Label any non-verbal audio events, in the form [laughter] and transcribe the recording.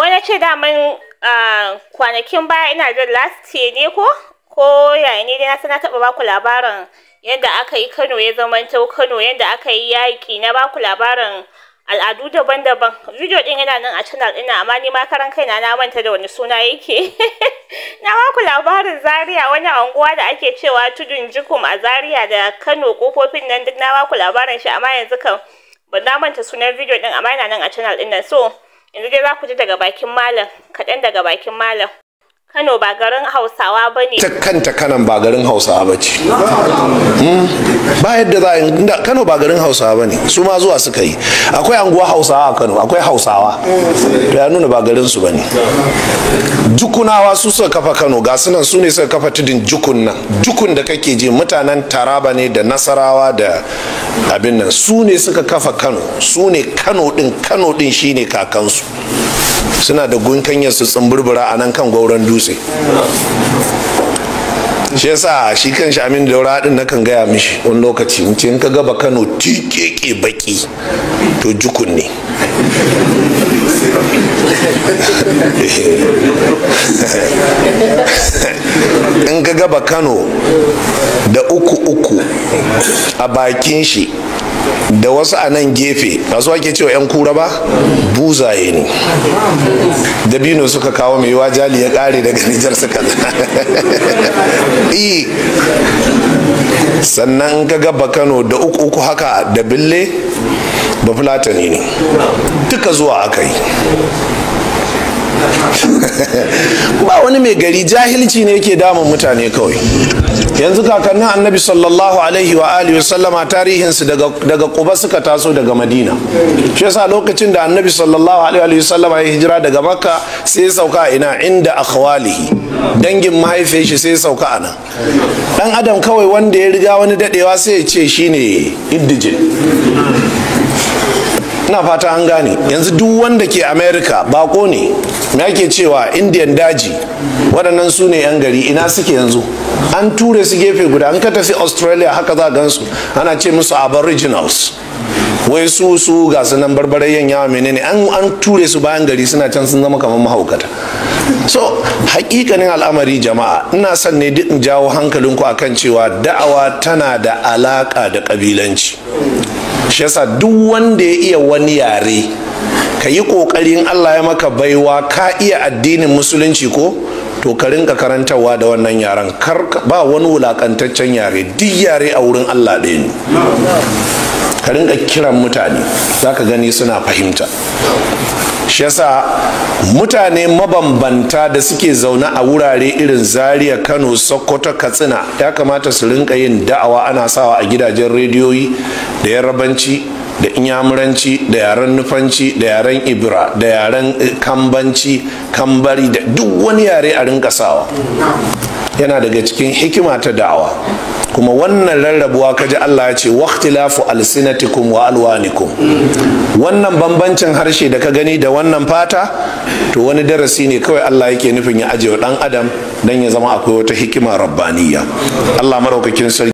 wani ce daman ah, kwanakin baya ina jin last year ne ko ko yaya ne dai na sana taɓa baku labarin yadda aka yi Kano ya zamanto Kano yadda aka yi yaƙi na baku labarin al'adu daban-daban video din yana nan a channel ina amma ni ma karan kaina na manta da wani suna yake [laughs] na baku labarin Zaria wani anguwa da ake cewa tudun Jikum a Zaria da Kano kofofin nan duk na baku labarin shi amma yanzu kan ban na manta sunan video din amma yana nan a channel din so yanzu dai za ku ji daga bakin malam kaɗan daga bakin malam kano ba garin hausawa ba ne ta kanta kanan ba garin hausawa ba ce hmm? ba yadda za a kano ba garin hausawa ba ne su ma zuwa suka yi akwai anguwa hausawa a kano akwai hausawa da ya nuna ba garin su ba ne jukunawa su suka kafa kano ga sunan su ne suka kafa tudun jukun nan jukun da kake ji mutanen taraba ne da nasarawa da abin nan su ne suka kafa kano su ne kano din kano din shine kakansu suna da gunkanyar su tsumburbura a nan kan gauran dutse shi yasa shi kan shi amin daura din na kan gaya mishi wani lokaci in ce in ka gaba kano ke baki to jukun ne [laughs] in ka gaba kano da uku uku a bakin shi da wasu a nan gefe masu ke cewa 'yan kura ba buzaye ne dabino suka kawo mai wa jali ya kare daga nijar suka [laughs] eh, sannan ka gaba kano da uku uku haka da bille ba fulatani ne duka zuwa aka yi [laughs] ba wani mai gari jahilci ne yake damun mutane kawai yanzu kakannin annabi sallallahu alaihi wa alihi sallama tarihinsu daga kuba suka taso daga madina shi yasa lokacin da annabi sallallahu alaihi wa sallama ya hijira daga makka sai ya sauka ina inda akhwalihi dangin mahaifin shi sai sauka a nan dan adam kawai wanda ya riga wani dadewa sai ya ce shine iddijin ina fata an gane yanzu duk wanda ke Amerika bako ne me ake cewa indian daji waɗannan su ne yan gari ina suke yanzu an ture su gefe guda an ka tafi australia haka za gansu ana ce musu aboriginals wai su su ga su nan yan yawa menene an an ture su bayan gari suna can sun zama kamar mahaukata so hakikanin al'amari jama'a ina son ne duk in jawo hankalinku akan cewa da'awa tana da alaka da kabilanci shi duk wanda ya iya wani yare ka yi kokarin allah ya maka baiwa ka iya addinin musulunci ko to ka rinka karantarwa da wannan yaren ba wani wulakantaccen yare duk yare a wurin allah ɗaya ne ka rinƙa kiran mutane za ka gani suna fahimta shi yasa mutane mabambanta da suke zaune a wurare irin zaria kano sokoto katsina ya kamata su rinka yin da'awa ana sawa a gidajen rediyoyi da yarabanci da inyamuranci da yaren nufanci da yaren ibra da yaren eh, kambanci kambari da duk wani yare a rinka sawa yana daga cikin hikima ta da'awa kuma wannan rarrabuwa kaji Allah ya ce waqtilafu alsinatikum wa alwanikum wannan bambancin harshe da ka gani da wannan fata to wani darasi ne kawai Allah yake nufin ya ajiye dan adam dan ya zama akwai wata hikima rabbaniya Allah maraukakin